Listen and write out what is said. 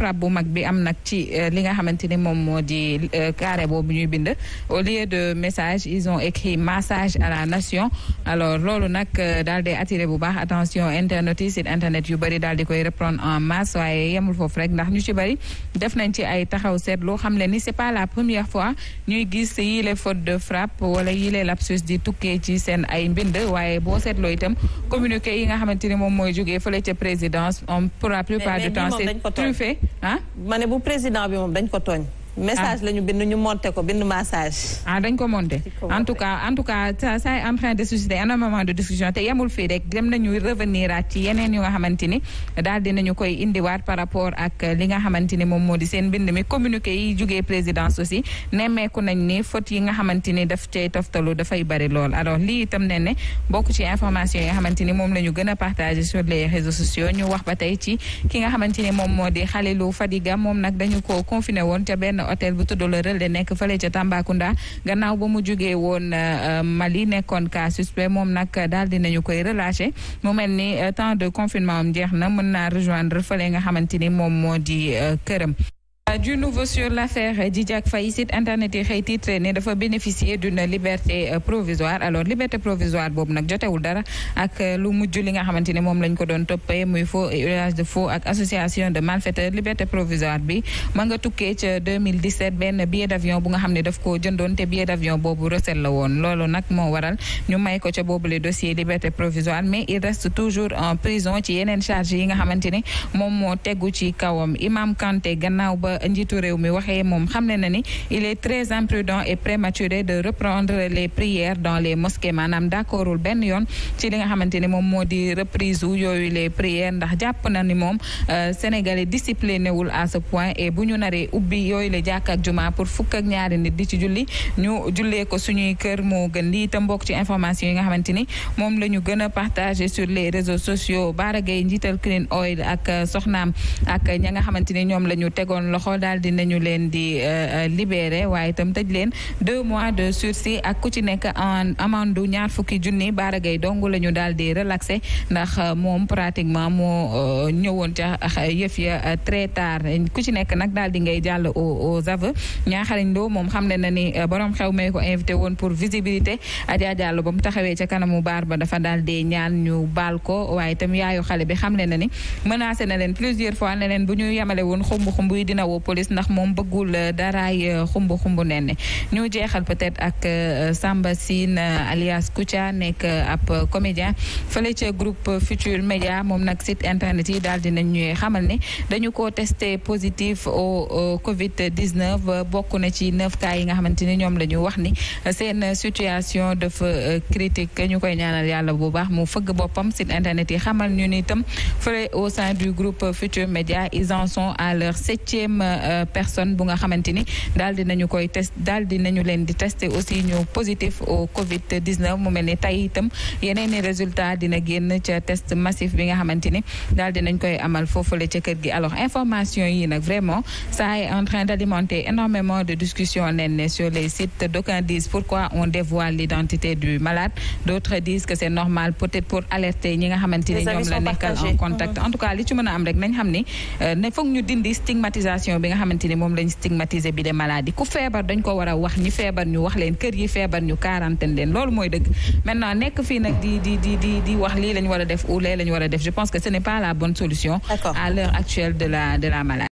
frappe bu mag bi am nag ci euh, li nga xamante ni moom moo di euh, carré boobu ñuy bind au lieu de message ils ont écrit massage à la nation alors loolu nag euh, daal di attiré bu baax attention internet yi yu bari daal di koy reprendre en masse waaye yemul foofu rek ndax ñu ci bari def nañ ci ay taxaw seetlu xam le ni c'est pas la première fois ñuy gis yile faute de frappe wala yile lapsus di tukkee ci seen ay mbind waaye boo seetloo itam communiqué yi nga xamante ni moom mooy jógee fële ca présidence on pour la plupart du temps ah ma ne bu président bi moom dañ ko tooñ Ah. message la ñu bind ñu monté ko bind message. ah dañ ko monté en tout cas en tout cas ça en train de susciter un moment de discussion te yemul fii rek dem nañu revenir at ci yeneen yu nga xamante ni daal dinañu koy indiwaat par rapport li nga xamante ni moom moo di seen bind mi communiqué yi jugee présidence aussi nemmeeku ni faute yi nga xamante ni daf cay toftalu dafay bari lool alors lii itam ne ne bokk ci information yi nga xamante ni moom la ñu gën a partagé sur les réseaux sociaux ñu wax ba tey ci ki nga xamante ni moom moo di Khalilou Fadiga moom nag dañu ko confine woon ca benn hôtel bu tudd Le Relais nekk fële ca Tambacounda gannaaw ba mu jugee woon euh, Mali nekkoon cas suspect moom nag daal di nañu koy relâché mu mel ni euh, temps de confinement am jeex na mën naa rejoindre fële nga xamante ni moom moo di euh, këram. Euh, du nouveau sur l'affaire Djidiack Faye site internet yi xëy titre ne dafa bénéficier d'une liberté euh, provisoire alors liberté provisoire boobu nag jotewul dara ak euh, lu mujj li nga xamante moom lañ ko doon toppee muy faux et de faux ak association de malfaiteurs liberté provisoire bi ma tukkee ca benn billet d'avion bu nga xam ne daf ko jëndoon te billet d'avion boobu recel la woon loolu nag moo waral ñu may ko ca boobu le dossier liberté provisoire mais il reste njiitu réew mi waxee moom xam ne na ni il est très imprudent et prématuré de reprendre les prières dans les mosquées maanaam d'accordul benn yoon ci li nga xamante ni moom moo di reprise wu yooyu les prières ndax jàpp na ni moom euh, sénégalais discipliné wul à ce point et bu ñu naree ubbi yooyu la jàkk ak juma pour fukk ak ñaari nit di ci julli ñu jullee ko suñuy kër moo gën lii tam ci information yi nga xamante ni moom la ñu gën a partagé sur les réseaux sociaux Bara Gaye njiital Clean Oil ak euh, soxnaam ak ña nga xamante ni ñoom la ñu tegoon loxo loxo daal di nañu leen di euh, euh, libéré waaye itam tëj leen deux mois de sursis ak ku ci nekk en amandu ñaar fukki junni baaragay dong la ñu daal di relaxé ndax euh, moom pratiquement moo ñëwoon ca yëf ya très tard ku ci nekk nag daal di ngay jàll aux aveux ñaaxariñ loo moom xam le na ni borom xew mee ko invité woon pour visibilité Adja Diallo ba mu taxawee ca kanamu baar ba dafa daal di ñaan ñu baal ko waaye itam xale bi xam ne na ni na leen plusieurs fois ne police ndax moom bëggul euh, daraay euh, xumbu xumbu nenne ñu jeexal peut-être ak euh, Samba Sine alias Kouthia nekk ab comédien fële ca groupe Futur Média moom nag site internet yi daal dinañ ñu xamal ne dañu ko testé positif au Covid 19 bokk na ci neuf yi nga xamante ni ñoom lañu wax ni seen situation dafa critique ñu koy ñaanal yàlla bu baax mu fëgg boppam site internet yi xamal ñu ni itam au sein du groupe Futur Média ils en à leur septième Euh, personne bu nga xamante ni daal di nañu koy test daal di nañu leen di tester aussi ñu positif au Covid 19 mu mel ni tey yeneen i résultat dina génn ca test massif bi nga xamante ni daal di nañ koy amal foofule ca kër gi alors information yi nag vraiment ça est en train d'alimenter énormément de discussions nen sur les sites d'aucuns disent pourquoi on dévoile l'identité du malade d'autres disent que c'est normal peut-être pour alerter ñi nga xamante ni ñoom la nekkal en contact en tout a am bi nga xamante ne moom lañ stigmatiser bi de maladie ku feebar dañ ko war wax ñi feebar ñu wax leen kër yi feebar ñu quarantaine leen loolu mooy dëgg maintenant nekk fii nag di di di di di wax lii lañ war a def ou lee lañ war a def je pense que ce n'est pas la bonne solution à l'heure actuelle de la maladie